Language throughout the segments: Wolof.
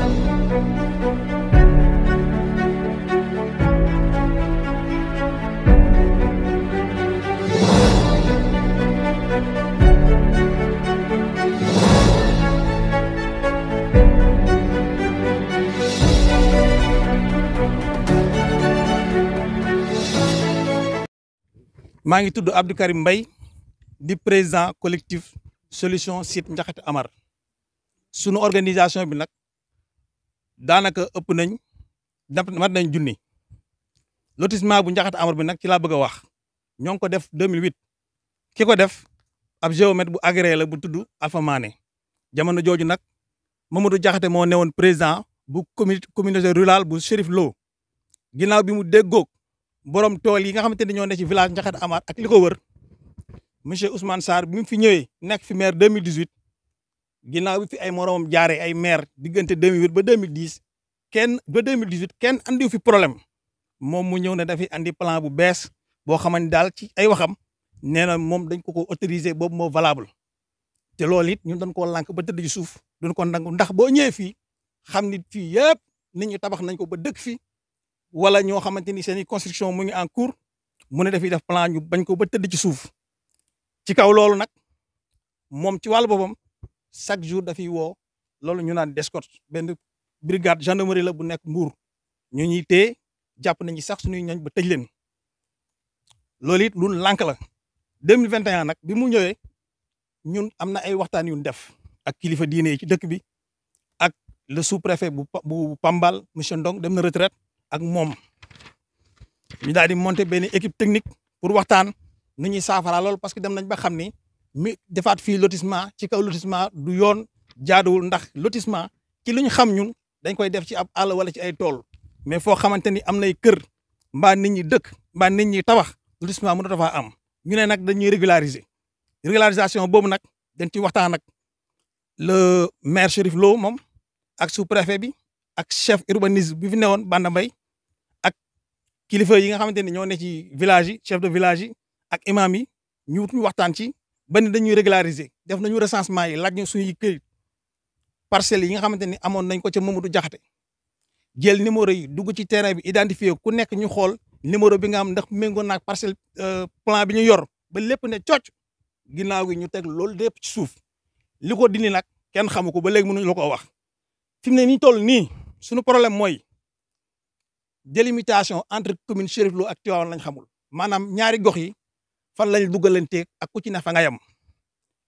maa ngi tudd Abdou mbay Mbaye di président collectif solution site Ndiakhate Amar sunu organisation bi nag daanaka ëpp nañ mat nañ junni lotissement bu Ndiakhate Amar bi nag ci laa bëgg a wax ñoo ngi ko def 2008 ki ko def ab géomètre bu agréé la bu tudd Alpha Mané jamono jooju nag Mamadou Diakhaté moo newoon président bu communauté communauté rurale bu serif Lo ginnaaw bi mu déggoog borom tool yi nga xamante ne ñoo ne ci village Ndiakhate Amar ak li ko wër monsieur Ousmane saar bi mu fi ñëwee nekk fi maire 2018 ginnaaw bi fi ay moromam jaaree ay maire diggante 2008 ba 2010 kenn ba 2018 kenn andiwu fi problème moom mu ñëw ne dafay andi plan bu bees boo xamante daal ci ay waxam nee na moom dañ ko ko autoriser boobu moo valable te loolu it ñun dañ koo lànk ba tëdd ci suuf duñ ko nangu ndax boo ñëwee fii xam ni fii yëpp nit ñi tabax nañ ko ba dëkk fi wala ñoo xamante ni seeni construction mu ngi en cours mu ne def plan ñu bañ ko ba tëdd ci suuf ci kaw loolu nag moom ci wàllu boppam chaque jour dafiy woo loolu ñu naan d'escorte benn brigade gendarmerie la bu nekk Mbour ñu ñuy téye jàpp nañu sax suñuy ñoñ ba tëj leen loolu it lu lànk la 2021 nag bi mu ñëwee ñun am na ay waxtaan yu def ak kilifa diine yi ci dëkk bi ak le sous-préfet bu bu Pambal monsieur Ndong dem na retraite ak moom ñu daal di monter benn équipe technique pour waxtaan nu ñuy saafara loolu parce que dem nañ ba xam ni mi defaat fii lotissement ci kaw lotissement du yoon jaaduwul ndax lotissement ci lu ñu xam ñun dañ koy def ci ab àll wala ci ay tool mais foo xamante ni am nay kër mbaa nit ñi dëkk mbaa nit ñi tabax lotissement mënut a faa am ñu ne nag dañuy régulariser régularisation boobu nag dañ ci waxtaan ak le maire Chérif Lo moom ak sous préfet bi ak chef urbanisme bi fi newoon Banda mbay ak kilifa yi nga xamante ni ñoo ne ci village chef de village ak imam yi ñu wut ñu waxtaan ci ba ni dañuy régulariser def nañu recensement yi laaj ñu suñuy këyit parcelles yi nga xamante ni amoon nañ ko ca du Jaxate jël numéro yi dugg ci terrain bi identifier ku nekk ñu xool numéro bi nga xam ndax méngoo naag parcelle euh, plan bi ñu yor ba lépp ne cocc ginnaaw gi ñu teg loolu lépp ci suuf li ko dindi nag kenn xamu ko ba léegi mënuñu la ko wax fi mu ne nii toll nii suñu problème mooy délimitation entre commune Chérif Lo ak Tivaouane lañ xamul maanaam ñaari gox yi fan lañu dugalante ak ku ci ne fa nga yem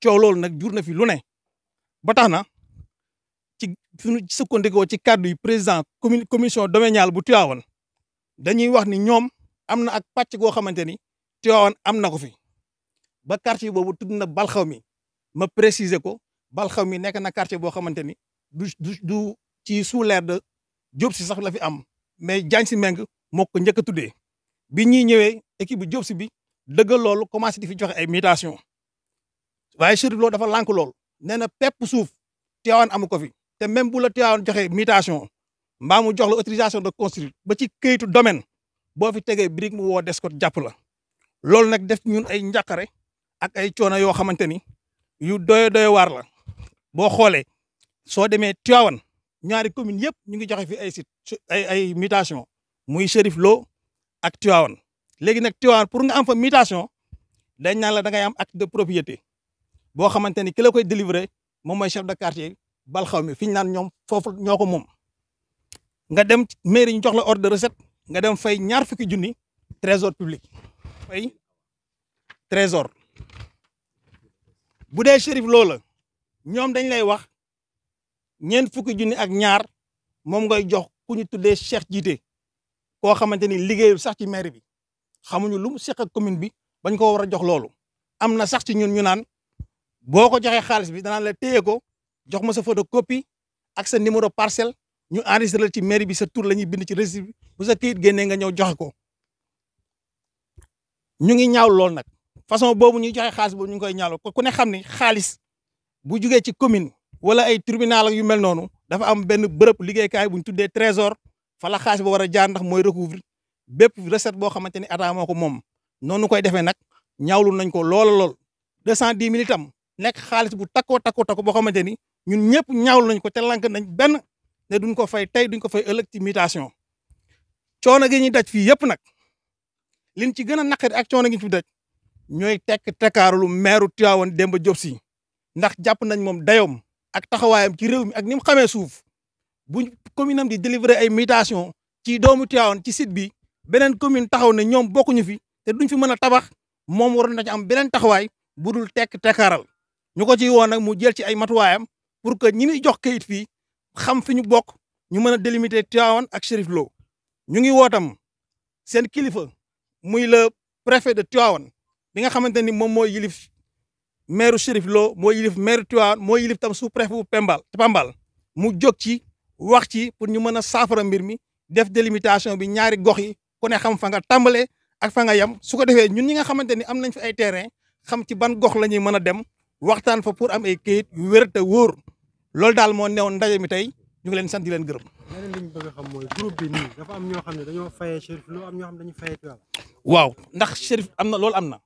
coow loolu nag jur na fi lu ne ba na ci suñu sukkandikoo ci kàddu yi président commune commission domaniale bu Tivaouane dañuy wax ni ñoom am na ak pàcc goo xamante ni Tivaouane am na ko fi ba quartier boobu tudd na Balxaw mi ma préciser ko Balxaw mi nekk na quartier boo xamante ni du du du ci sous de Diop si sax la fi am mais Diagne si Meng moo ko njëkk a tuddee bi ñuy ñëwee équipe bu Diop bi dëggal loolu commencé di fi joxe ay mutation waaye Chérif Lo dafa lànk lool nee na pepp suuf Tivaouane amu ko fi te même bu la Tivaouane joxe mutation mbaa mu jox la autorisation de construire ba ci këyitu domaine boo fi tegee brique mu woo des ko jàpp la loolu nag def ñun ay njàqare ak ay coona yoo xamante ni yu doye doye waar la boo xoolee soo demee Tivaouane ñaari commune yëpp ñu ngi joxe fi ay sit ay ay mutation muy Chérif Lo ak Tivaouane léegi nag tiwaan pour nga am fa mutation dañ naan la da ngay am acte de propriété boo xamante ni ki la koy délivrer moom mooy chef de quartier balxaw mi fi ñu naan ñoom foofu ñoo ko moom. nga dem mairie ñu jox la ordre de recette nga dem fay ñaar fukki junni trésor public fay trésor bu dee shérif loola ñoom dañ lay wax ñeent fukki junni ak ñaar moom ngay jox ku ñu tuddee cheikh jiite koo xamante ni liggéeyul sax ci mairie bi. xamuñu lu mu seq ak commune bi bañ ko war a jox loolu am na sax ci ñun ñu naan boo ko joxee xaalis bi danaan la téye ko jox ma sa photocopie ak sa numéro parcelle ñu enregistré ci mairie bi sa tur la ñuy bind ci registre bi bu sa kayit génnee nga ñëw joxe ko ñu ngi ñaaw lool nag façon boobu ñuy joxe xaalis boobu ñu ngi koy ñaawloo ko ku ne xam ne xaalis bu jugee ci commune wala ay tribunal yu mel noonu dafa am benn bërëb liggéeykaay bu ñu tuddee trésor fa la xaalis ba war a jaar ndax mooy recouvrir bépp recette boo xamante ni ataa moo ko moom noonu koy defee nag ñaawlu nañ ko loola lool deux cent dix mille itam nekk xaalis bu takkoo takkoo takkoo boo xamante ni ñun ñëpp ñaawlu nañ ko te nañ benn ne duñ ko fay tey duñ ko fay ëllëg ci mutation coono gi ñuy daj fii yëpp nag liñ ci gën a naqari ak coono ñu fi daj ñooy tekk tekkaaru lu meeru Tivaouane Demba Diop Sy ndax jàpp nañ moom dayoom ak taxawaayam ci réew mi ak ni mu xamee suuf bu communam am di délivrer ay mutation ci doomu Tivaouane ci site bi beneen commune taxaw ne ñoom bokkuñu fi te duñ fi mën a tabax moom waroon na ci am beneen taxawaay bu dul tekk tekkaaral ñu ko ciy woon nag mu jël ci ay matuwaayam pour que ñi muy jox kayit fii xam fi ñu bokk ñu mën a délimiter Tivaouane ak Chérif Lo ñu ngi wootam seen kilifa muy le préfet de Tivaouane bi nga xamante ni moom mooy yilif maire Chérif Lo mooy yilif maire Tivaouane mooy yilif tam su préfet bu Pembal Pambal mu jóg ci wax ci pour ñu mën a saafara mbir mi def délimitation bi ñaari gox yi ku ne xam fa nga tàmbalee ak fa nga yem su ko defee ñun ñi nga xamante ni am nañ fi ay terrain xam ci ban gox la ñuy mën a dem waxtaan fa pour am ay kayit yu wér te wóor loolu daal moo neewoon ndaje mi tey ñu ngi leen sant di leen gërëm. leneen li ñu bëgg a xam mooy groupe xam ne dañoo fayee Chérif Lo am ñoo xam ne waaw ndax Chérif am na loolu am na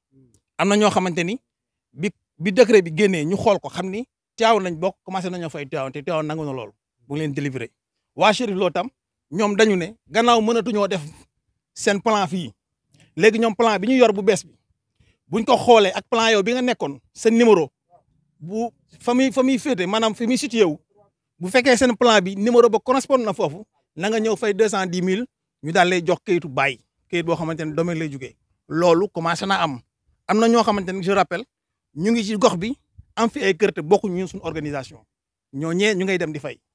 am na ñoo xamante ni bi bi décret bi génnee ñu xool ko xam ni Tivaouane nañ bokk commencé nañoo fay Tivaouane te Tivaouane nangu na loolu bu ngi leen délivré waa Chérif Lo tam ñoom dañu ne gannaaw mënatuñoo def seen plan fii léegi ñoom plan bi ñu yor bu bees bi buñ ko xoolee ak plan yow bi nga nekkoon seen numéro bu fa muy fa muy féete maanaam fi muy situé wu bu fekkee seen plan bi numéro ba correspond na foofu na nga ñëw fay deux cent dix mille ñu daal lay jox kayitu bàyyi kayit boo xamante ne domaine lay jugee loolu commencé na am am na ñoo xamante ne je rappelle ñu ngi ci gox bi am fi ay kër te ñu ñun suñu organisation ñoo ñee ñu ngay dem di fay